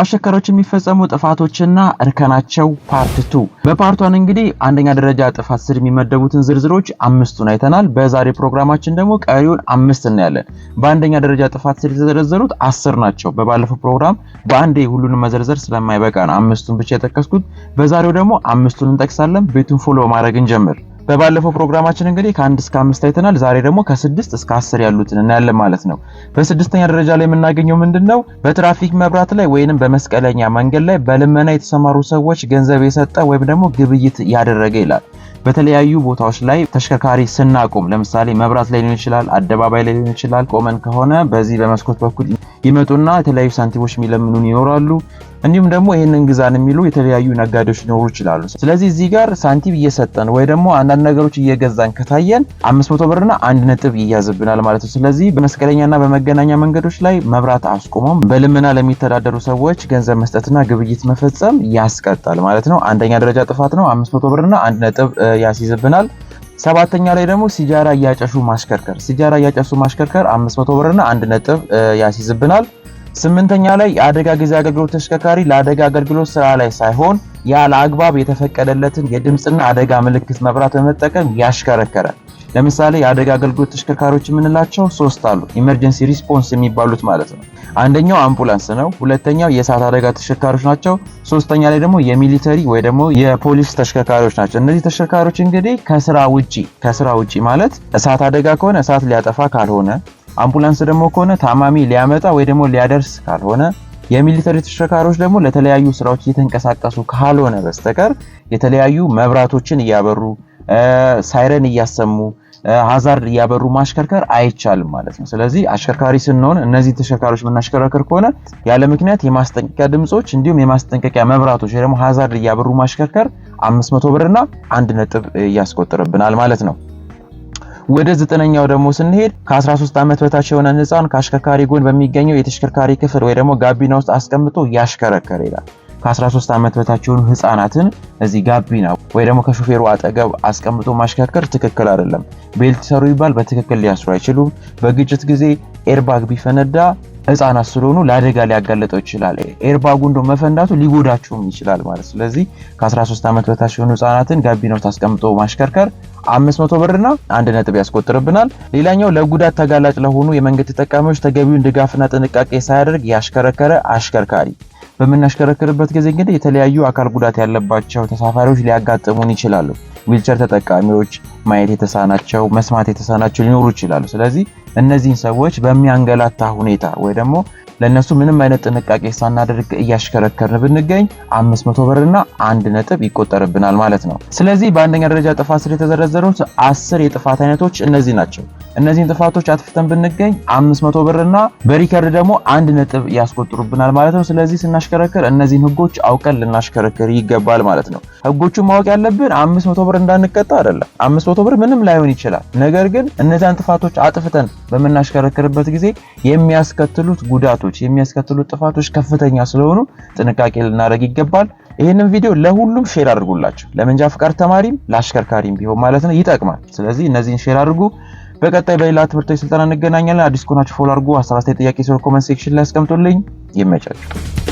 በአሽከርካሪዎች የሚፈጸሙ ጥፋቶችና እርከናቸው ፓርት ቱ በፓርት ዋን እንግዲህ አንደኛ ደረጃ ጥፋት ስር የሚመደቡትን ዝርዝሮች አምስቱን አይተናል። በዛሬ ፕሮግራማችን ደግሞ ቀሪውን አምስት እናያለን። በአንደኛ ደረጃ ጥፋት ስር የተዘረዘሩት አስር ናቸው። በባለፈው ፕሮግራም በአንዴ ሁሉንም መዘርዘር ስለማይበቃ ነው አምስቱን ብቻ የጠቀስኩት። በዛሬው ደግሞ አምስቱን እንጠቅሳለን። ቤቱን ፎሎ ማድረግ እንጀምር። በባለፈው ፕሮግራማችን እንግዲህ ከአንድ እስከ አምስት አይተናል። ዛሬ ደግሞ ከስድስት እስከ አስር ያሉትን እናያለን ማለት ነው። በስድስተኛ ደረጃ ላይ የምናገኘው ምንድን ነው? በትራፊክ መብራት ላይ ወይንም በመስቀለኛ መንገድ ላይ በልመና የተሰማሩ ሰዎች ገንዘብ የሰጠ ወይም ደግሞ ግብይት ያደረገ ይላል። በተለያዩ ቦታዎች ላይ ተሽከርካሪ ስናቆም፣ ለምሳሌ መብራት ላይ ሊሆን ይችላል፣ አደባባይ ላይ ሊሆን ይችላል። ቆመን ከሆነ በዚህ በመስኮት በኩል ይመጡና የተለያዩ ሳንቲሞች የሚለምኑን ይኖራሉ። እንዲሁም ደግሞ ይህንን ግዛን የሚሉ የተለያዩ ነጋዴዎች ሊኖሩ ይችላሉ። ስለዚህ እዚህ ጋር ሳንቲም እየሰጠን ወይ ደግሞ አንዳንድ ነገሮች እየገዛን ከታየን አምስት መቶ ብርና አንድ ነጥብ ይያዝብናል ማለት ነው። ስለዚህ በመስቀለኛና በመገናኛ መንገዶች ላይ መብራት አስቆመም በልመና ለሚተዳደሩ ሰዎች ገንዘብ መስጠትና ግብይት መፈጸም ያስቀጣል ማለት ነው። አንደኛ ደረጃ ጥፋት ነው። አምስት መቶ ብርና አንድ ነጥብ ያስይዝብናል። ሰባተኛ ላይ ደግሞ ሲጃራ እያጨሹ ማሽከርከር ሲጃራ እያጨሱ ማሽከርከር 500 ብርና አንድ ነጥብ ያስይዝብናል። ስምንተኛ ላይ የአደጋ ጊዜ አገልግሎት ተሽከርካሪ ለአደጋ አገልግሎት ስራ ላይ ሳይሆን ያለ አግባብ የተፈቀደለትን የድምፅና አደጋ ምልክት መብራት በመጠቀም ያሽከረከረ ለምሳሌ የአደጋ አገልግሎት ተሽከርካሪዎች የምንላቸው ሶስት አሉ። ኢመርጀንሲ ሪስፖንስ የሚባሉት ማለት ነው። አንደኛው አምቡላንስ ነው። ሁለተኛው የእሳት አደጋ ተሽከርካሪዎች ናቸው። ሶስተኛ ላይ ደግሞ የሚሊተሪ ወይ ደግሞ የፖሊስ ተሽከርካሪዎች ናቸው። እነዚህ ተሽከርካሪዎች እንግዲህ ከስራ ውጪ ከስራ ውጪ ማለት እሳት አደጋ ከሆነ እሳት ሊያጠፋ ካልሆነ፣ አምቡላንስ ደግሞ ከሆነ ታማሚ ሊያመጣ ወይ ደግሞ ሊያደርስ ካልሆነ የሚሊተሪ ተሽከርካሪዎች ደግሞ ለተለያዩ ስራዎች እየተንቀሳቀሱ ካልሆነ በስተቀር የተለያዩ መብራቶችን እያበሩ ሳይረን እያሰሙ ሀዛርድ እያበሩ ማሽከርከር አይቻልም ማለት ነው። ስለዚህ አሽከርካሪ ስንሆን እነዚህ ተሽከርካሪዎች የምናሽከረክር ከሆነ ያለ ምክንያት የማስጠንቀቂያ ድምፆች እንዲሁም የማስጠንቀቂያ መብራቶች ወይ ደግሞ ሀዛርድ እያበሩ ማሽከርከር 500 ብርና አንድ ነጥብ እያስቆጥርብናል ማለት ነው። ወደ ዘጠነኛው ደግሞ ስንሄድ ከ13 ዓመት በታች የሆነ ሕፃን ከአሽከርካሪ ጎን በሚገኘው የተሽከርካሪ ክፍል ወይ ደግሞ ጋቢና ውስጥ አስቀምጦ ያሽከረከር ይላል። ከ13 ዓመት በታች የሆኑ ህፃናትን እዚህ ጋቢና ወይ ደግሞ ከሹፌሩ አጠገብ አስቀምጦ ማሽከርከር ትክክል አይደለም። ቤልት ሰሩ ይባል በትክክል ሊያስሩ አይችሉም። በግጭት ጊዜ ኤርባግ ቢፈነዳ ህፃናት ስለሆኑ ለአደጋ ሊያጋለጠው ይችላል። ኤርባጉ እንደ መፈንዳቱ ሊጎዳቸውም ይችላል ማለት ስለዚህ ከ13 ዓመት በታች የሆኑ ህፃናትን ጋቢና ውስጥ አስቀምጦ ማሽከርከር 500 ብርና አንድ ነጥብ ያስቆጥርብናል። ሌላኛው ለጉዳት ተጋላጭ ለሆኑ የመንገድ ተጠቃሚዎች ተገቢውን ድጋፍና ጥንቃቄ ሳያደርግ ያሽከረከረ አሽከርካሪ በምናሽከረክርበት ጊዜ እንግዲህ የተለያዩ አካል ጉዳት ያለባቸው ተሳፋሪዎች ሊያጋጥሙን ይችላሉ። ዊልቸር ተጠቃሚዎች፣ ማየት የተሳናቸው፣ መስማት የተሳናቸው ሊኖሩ ይችላሉ። ስለዚህ እነዚህን ሰዎች በሚያንገላታ ሁኔታ ወይ ደግሞ ለእነሱ ምንም አይነት ጥንቃቄ ሳናደርግ እያሽከረከርን ብንገኝ አምስት መቶ ብርና አንድ ነጥብ ይቆጠርብናል ማለት ነው። ስለዚህ በአንደኛ ደረጃ ጥፋት ስር የተዘረዘሩት አስር የጥፋት አይነቶች እነዚህ ናቸው። እነዚህን ጥፋቶች አጥፍተን ብንገኝ 500 ብር እና በሪከርድ ደግሞ አንድ ነጥብ ያስቆጥሩብናል ማለት ነው። ስለዚህ ስናሽከረክር እነዚህን ህጎች አውቀን ልናሽከረክር ይገባል ማለት ነው። ህጎቹን ማወቅ ያለብን 500 ብር እንዳንቀጣ አይደለም። 500 ብር ምንም ላይሆን ይችላል። ነገር ግን እነዚያን ጥፋቶች አጥፍተን በምናሽከረክርበት ጊዜ የሚያስከትሉት ጉዳቶች፣ የሚያስከትሉት ጥፋቶች ከፍተኛ ስለሆኑ ጥንቃቄ ልናደርግ ይገባል። ይህንን ቪዲዮ ለሁሉም ሼር አድርጉላቸው፣ ለመንጃ ፍቃድ ተማሪም ለአሽከርካሪም ቢሆን ማለት ነው። ይጠቅማል። ስለዚህ እነዚህን ሼር አድርጉ። በቀጣይ በሌላ ትምህርታዊ ስልጠና እንገናኛለን። አዲስ ከሆናችሁ ፎሎ አድርጉ። ሀሳብ አስተያየት፣ ጥያቄ ሲሆን ኮመንት ሴክሽን ላይ አስቀምጡልኝ። ይመቻችሁ።